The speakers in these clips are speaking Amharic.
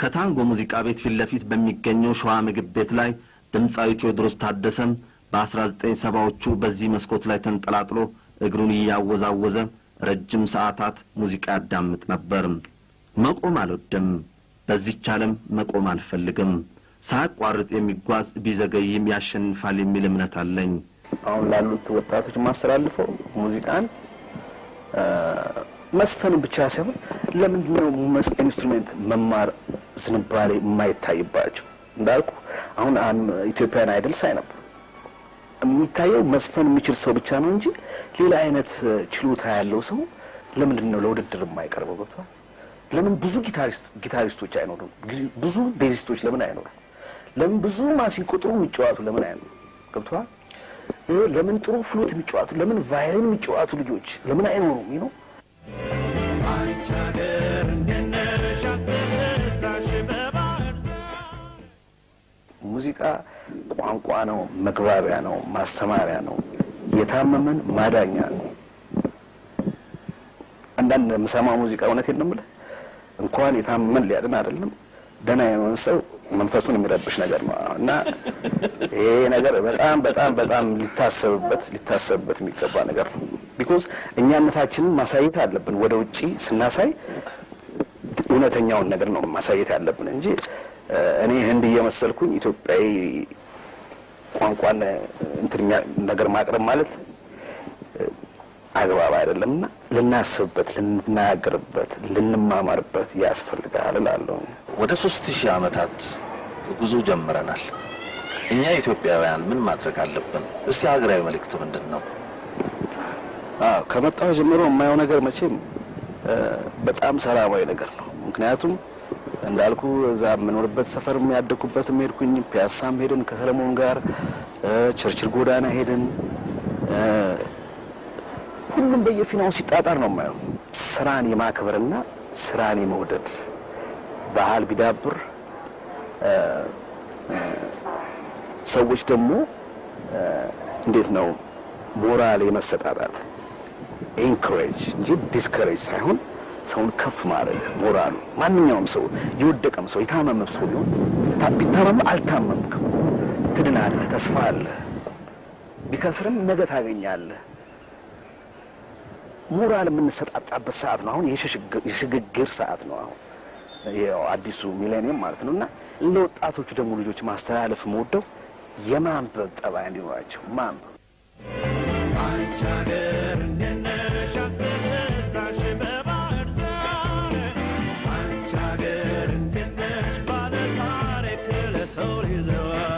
ከታንጎ ሙዚቃ ቤት ፊት ለፊት በሚገኘው ሸዋ ምግብ ቤት ላይ ድምፃዊ ቴዎድሮስ ታደሰም በአስራ ዘጠኝ ሰባዎቹ በዚህ መስኮት ላይ ተንጠላጥሎ እግሩን እያወዛወዘ ረጅም ሰዓታት ሙዚቃ ያዳምጥ ነበር። መቆም አልወድም። በዚች ዓለም መቆም አልፈልግም። ሳያቋርጥ የሚጓዝ ቢዘገይም ያሸንፋል የሚል እምነት አለኝ። አሁን ላሉት ወጣቶች ማስተላልፈው ሙዚቃን መስፈኑ ብቻ ሳይሆን ለምንድነው ኢንስትሩሜንት መማር ዝንባሌ የማይታይባቸው እንዳልኩ አሁን ኢትዮጵያን አይደል ሳይ ነበር የሚታየው መስፈን የሚችል ሰው ብቻ ነው እንጂ ሌላ አይነት ችሎታ ያለው ሰው ለምንድን ነው ለውድድር የማይቀርበው? ገብቷል። ለምን ብዙ ጊታሪስቶች አይኖሩም? ብዙ ቤዚስቶች ለምን አይኖሩ ለምን ብዙ ማሲንቆ ቁጥሩ የሚጫዋቱ ለምን አይኖሩም? ገብቷል። ለምን ጥሩ ፍሎት የሚጫዋቱ ለምን ቫዮሊን የሚጫዋቱ ልጆች ለምን አይኖሩም? ነው ሙዚቃ ቋንቋ ነው፣ መግባቢያ ነው፣ ማስተማሪያ ነው፣ የታመመን ማዳኛ ነው። አንዳንድ ምሰማ ሙዚቃ እውነት የለም እንኳን የታመመን ሊያድን አይደለም ደህና የሆነ ሰው መንፈሱን የሚረብሽ ነገር ነው እና ይሄ ነገር በጣም በጣም በጣም ሊታሰብበት ሊታሰብበት የሚገባ ነገር ነው። ቢኮዝ እኛነታችንን ማሳየት አለብን። ወደ ውጪ ስናሳይ እውነተኛውን ነገር ነው ማሳየት ያለብን እንጂ እኔ ህንድ እየመሰልኩኝ ኢትዮጵያዊ ቋንቋን እንትን ነገር ማቅረብ ማለት አግባብ አይደለም እና ልናስብበት፣ ልናገርበት፣ ልንማማርበት ያስፈልጋል እላለሁ። ወደ ሶስት ሺህ ዓመታት ጉዞ ጀምረናል። እኛ ኢትዮጵያውያን ምን ማድረግ አለብን? እስቲ ሀገራዊ መልእክት ምንድን ነው? ከመጣሁ ጀምሮ የማየው ነገር መቼም በጣም ሰላማዊ ነገር ነው። ምክንያቱም እንዳልኩ እዛ የምኖርበት ሰፈርም ያደኩበትም ሄድኩኝ። ፒያሳም ሄድን ከሰለሞን ጋር ቸርችል ጎዳና ሄድን። ሁሉም በየፊናው ሲጣጣር ነው የማየው። ስራን የማክበርና ስራን የመውደድ ባህል ቢዳብር ሰዎች ደግሞ እንዴት ነው ሞራል የመሰጣጣት ኢንኮሬጅ እንጂ ዲስከሬጅ ሳይሆን ሰውን ከፍ ማድረግ ሞራሉ ማንኛውም ሰው የወደቀም ሰው የታመመም ሰው ቢሆን ቢታመም አልታመምክም፣ ትድናለህ፣ ተስፋ አለ። ቢከስርም ነገ ታገኛለህ። ሞራል የምንሰጣጣበት ሰዓት ነው። አሁን የሽግግር ሰዓት ነው። አሁን ያው አዲሱ ሚሌኒየም ማለት ነው እና ለወጣቶቹ ደግሞ ልጆች ማስተላለፍ መወደው የማንበብ ጠባይ እንዲኖራቸው ማንበብ Oh, is yours.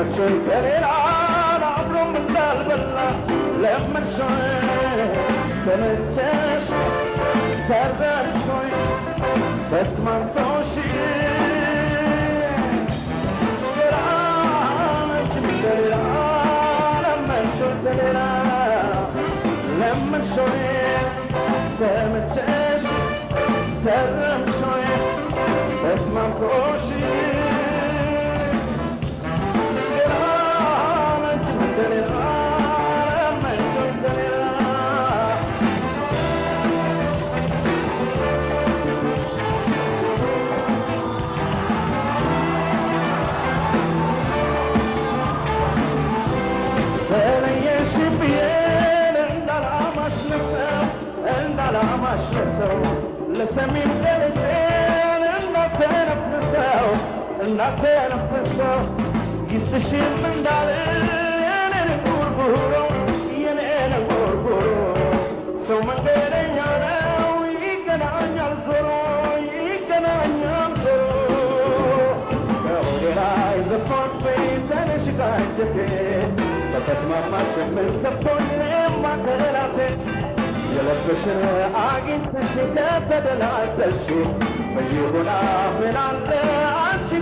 لما تشوف انا عمره من قلبنا لما تشوف تنتش تردد شوي بس ما انسوش لما تشوف تنتش تردد النقال القصة يستشير من دارين أنا البربورو يا أنا البربورو سو من غير يانا ويكنا عن يرزرو يكنا عن يرزرو كأولي راي زفون بيت أنا شكاية جتين فقط ما ما شمس تبطل ما كرلاتين يلا بشر عاقل تشي لا تدلع تشي مليون عامل عن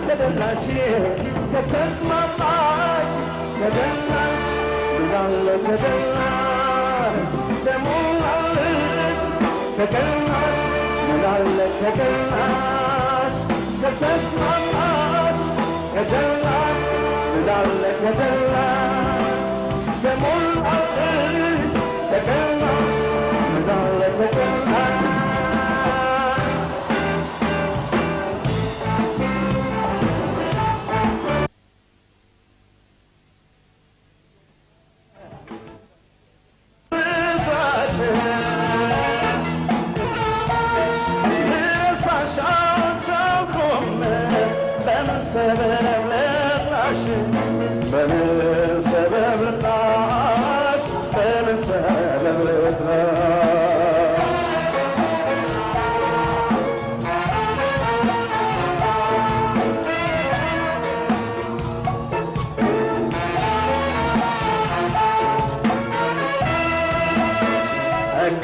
للناشيه كتسمى العاش كدنا بدل كدنا دمو الرجل كدنا بدل كدنا كتسمى العاش كدنا بدل كدنا دمو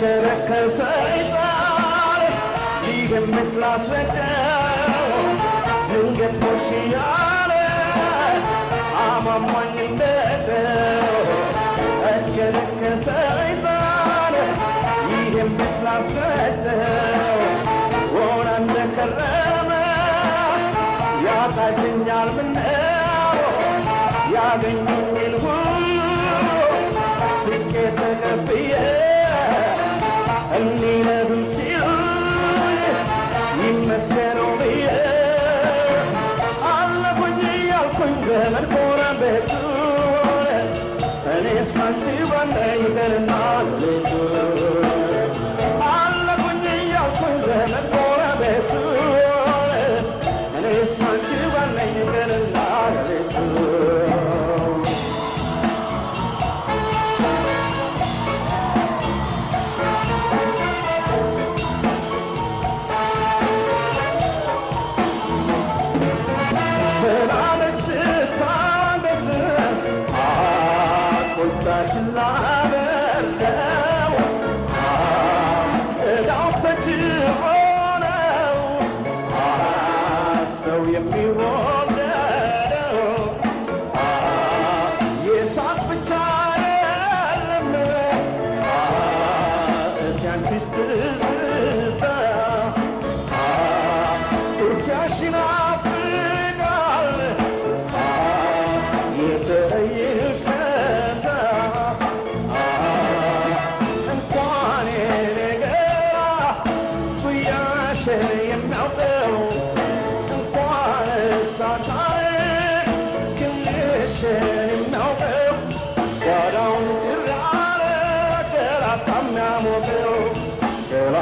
ከረከረ ከሰይጣን ሊገምት ላስረዳው ድንገት ሞሽ ያለ አማማኝ እንደደው ከረከረ ከሰይጣን ሊገምት ላስረዳው ሆነ እንደከረመ ያጣኛል ምነው ያገኘኝ அந்நிலவில்